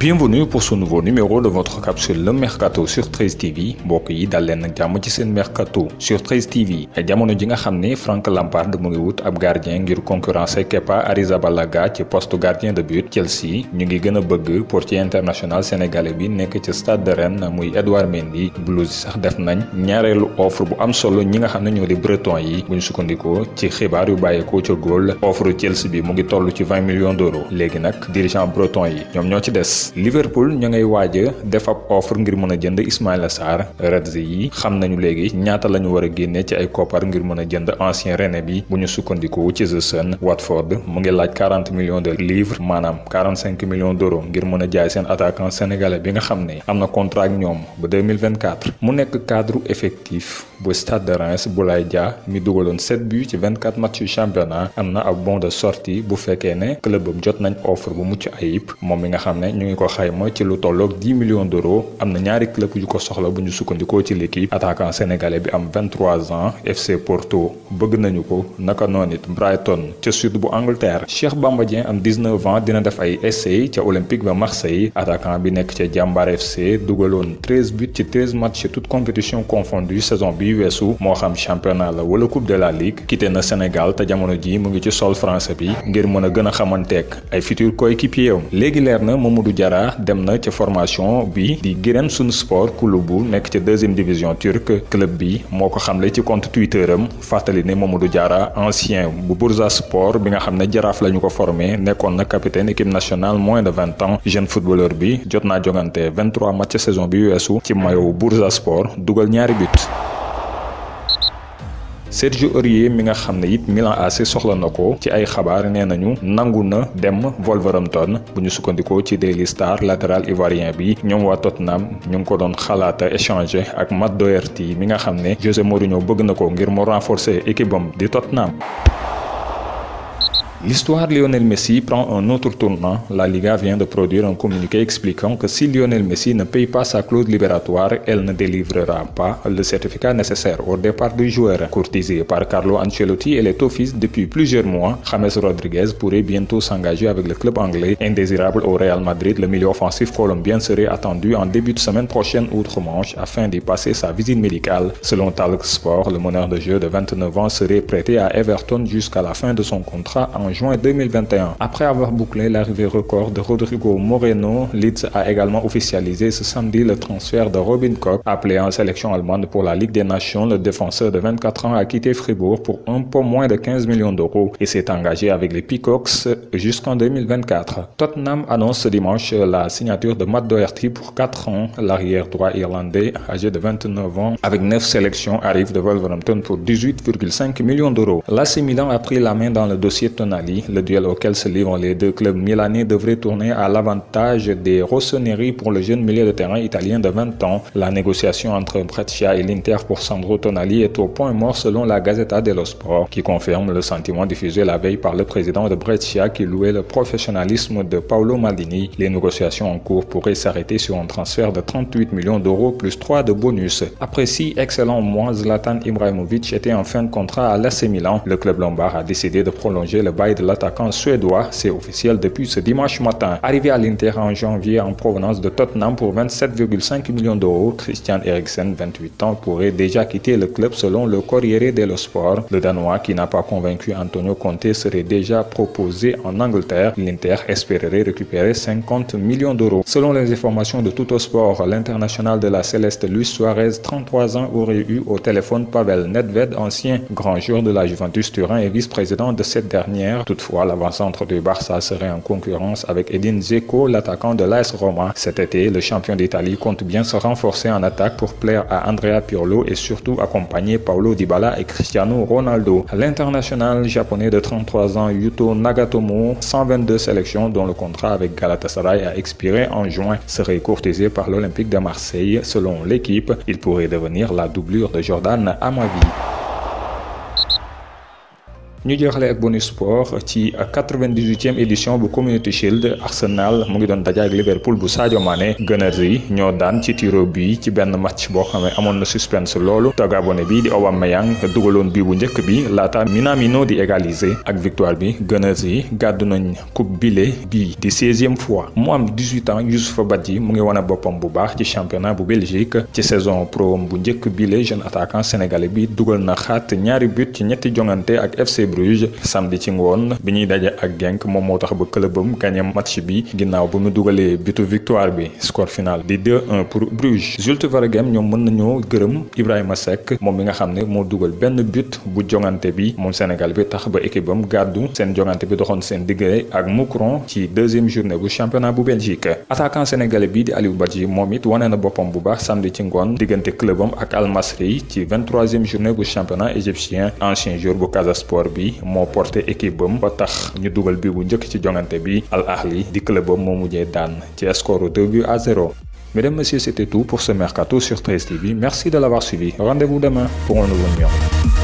bienvenue pour ce nouveau numéro de votre capsule le mercato sur 13 TV mbokk yi dal ci mercato sur 13 TV e jamono ji nga xamné Franck Frank Lampard mo ngi wut ab gardien ngir concurrencer Kepa Arrizabalaga ci poste gardien de but Chelsea ñu ngi gëna bëgg portier international sénégalais bi nekk ci stade de Rennes muy Edouard Mendy Blues sax def nañ ñaareelu offre bu am solo ñi nga xamné ñoo di breton yi buñ sukkandiko ci xibaar yu ko ci offre Chelsea bi mu ngi ci 20 millions d'euros Légui nak dirigeant breton yi ñom ñoo ci Liverpool ñu ngay waaj a def ab offre ngir mën a jënd Ismaïla Sarr Reds yi xam nañu léegi ñaata la ñu war a génne ci ay koppar ngir mën a jënd ancien René bi bu ñu sukkandiku ci The Watford mu ngi laaj 40 millions de livres maanaam 45 millions d'euros ngir mën a jaay seen attaquant sénégalais bi nga xam ne am na contrat ak ñoom ba 2024 mu nekk cadre effectif bu Stade de Reims Boulaye Dia mi dugaloon 7 ci 24 matchs yu championnat am na ab bon de bu fekkee ne club am jot nañ offre bu mucc ayib moom mi nga xam ne ñu ngi ko xayma ci lu tollok 10 millions d'euros amna ñaari club yu ko soxla bu ñu ci l'équipe attaquant sénégalais bi am 23 ans FC Porto bëgg nañu ko naka nonit Brighton ci sud bu Angleterre Cheikh Bambadien am 19 ans dina def ay essai ci Olympique de Marseille attaquant bi nekk ci FC dugaloon 13 buts ci 13 matchs ci toute compétition confondue saison bi wessu mo xam championnat la wala coupe de la ligue quitté na Sénégal ta jamono ji mu ngi ci sol français bi ngir mëna a xamanté a ay futurs coéquipiers légui léegi na Mamadou Diarra dem na formation bi di Giresunspor, Spor club la 2 deuxième division turque club bi moko xamlé le ci compte Twitter fatali né Mamadou Diarra ancien bu Sport. bi nga xamné Jaraf lañu ko formé na capitaine équipe nationale moins de 20 ans jeune footballeur bi jotna joganté jogante matchs saison bi weesu ci maillot Bursaspor dugal ñaari but. Sergio Aurier mi nga xam ne it Milan AC soxla na ko ci ay xabaar nee nañu nangu na dem ton bu ñu sukkandikoo ci Daily Star latéral ivoirien bi ñoom waa Tottenham ñu ngi ko doon xalaata échangé ak Matt Doherty mi nga xam ne José Mourinho bëgg na ko ngir mu renforcer équipe am di Tottenham. L'histoire Lionel Messi prend un autre tournant. La Liga vient de produire un communiqué expliquant que si Lionel Messi ne paye pas sa clause libératoire, elle ne délivrera pas le certificat nécessaire au départ du joueur. Courtisé par Carlo Ancelotti et les depuis plusieurs mois, James Rodriguez pourrait bientôt s'engager avec le club anglais. Indésirable au Real Madrid, le milieu offensif colombien serait attendu en début de semaine prochaine outre-Manche afin d'y passer sa visite médicale. Selon Talksport, Sport, le meneur de jeu de 29 ans serait prêté à Everton jusqu'à la fin de son contrat en juin 2021. Après avoir bouclé l'arrivée record de Rodrigo Moreno, Leeds a également officialisé ce samedi le transfert de Robin Koch, appelé en sélection allemande pour la Ligue des Nations. Le défenseur de 24 ans a quitté Fribourg pour un peu moins de 15 millions d'euros et s'est engagé avec les Peacocks jusqu'en 2024. Tottenham annonce ce dimanche la signature de Matt Doherty pour 4 ans. L'arrière droit irlandais, âgé de 29 ans, avec 9 sélections, arrive de Wolverhampton pour 18,5 millions d'euros. L'assimilant a pris la main dans le dossier Tonali le duel auquel se livrent les deux clubs milanais devrait tourner à l'avantage des Rossoneri pour le jeune milieu de terrain italien de 20 ans. La négociation entre Brescia et l'Inter pour Sandro Tonali est au point mort selon la Gazzetta dello Sport, qui confirme le sentiment diffusé la veille par le président de Brescia qui louait le professionnalisme de Paolo Maldini. Les négociations en cours pourraient s'arrêter sur un transfert de 38 millions d'euros plus 3 de bonus. Après six excellents mois, Zlatan Ibrahimovic était en fin de contrat à l'AC Milan. Le club lombard a décidé de prolonger le bail de l'attaquant suédois, c'est officiel depuis ce dimanche matin. Arrivé à l'Inter en janvier en provenance de Tottenham pour 27,5 millions d'euros, Christian Eriksen, 28 ans, pourrait déjà quitter le club selon le Corriere dello Sport. Le Danois, qui n'a pas convaincu Antonio Conte, serait déjà proposé en Angleterre. L'Inter espérerait récupérer 50 millions d'euros. Selon les informations de Sport, l'international de la Céleste Luis Suarez, 33 ans, aurait eu au téléphone Pavel Nedved, ancien grand joueur de la Juventus Turin et vice-président de cette dernière, Toutefois, l'avant-centre du Barça serait en concurrence avec Edin Zeko, l'attaquant de l'AS Roma. Cet été, le champion d'Italie compte bien se renforcer en attaque pour plaire à Andrea Pirlo et surtout accompagner Paolo Dybala et Cristiano Ronaldo. L'international japonais de 33 ans Yuto Nagatomo, 122 sélections dont le contrat avec Galatasaray a expiré en juin, serait courtisé par l'Olympique de Marseille. Selon l'équipe, il pourrait devenir la doublure de Jordan Amavi ñu jeexale ak bonus sport ci 98e édition bu Community Shield Arsenal mu ngi doon ak Liverpool bu Sadio Mané Gunners yi ñoo daan ci tiro bi ci benn match bo xamé ne na suspense lolu te Gabonais bi di Aubameyang dugaloon bi bu ñëkk bi laata Minamino di égaliser ak victoire bi Gunners yi gaddu nañ coupe bile bi di 16e fois mu am 18 ans Youssoupha Badji mu ngi wane bopam bu baax ci championnat bu Belgique ci saison pro bu bi bile jeune attaquant sénégalais bi dugal na xaat ñaari but ci ñetti jongante ak FC Bruges samedi ci ngone bi ñuy daje ak Genk mom motax ba clubum gagné match bi ginnaw bu mu dugalee bitu victoire bi score final di 2-1 pour Bruges Zulte Waregem ñom mën nañoo gërëm Ibrahima Seck mom mi nga xamné mo dougal benn but bu jonganté bi mom Sénégal bi tax ba équipe bam gàddu seen jongante bi doxone sen diggante ak Moucron ci deuxième journée bu championnat bu Belgique attaquant sénégalais bi di Aliou Badji moom it na bopam bu baax samedi ci ngone diggante clubum ak Al Masri ci 23e journée bu championnat égyptien ancien joueur bu Casa Sport bi bi moo porté équipe bam ba tax ñu dugal bi bu njëkk ci jongante bi Al Ahli di clubam moo mujjee daan ci score 2 buts à 0. Mesdames, Messieurs, c'était tout pour ce Mercato sur 13 TV. Merci de l'avoir suivi. Rendez-vous demain pour un nouveau numéro.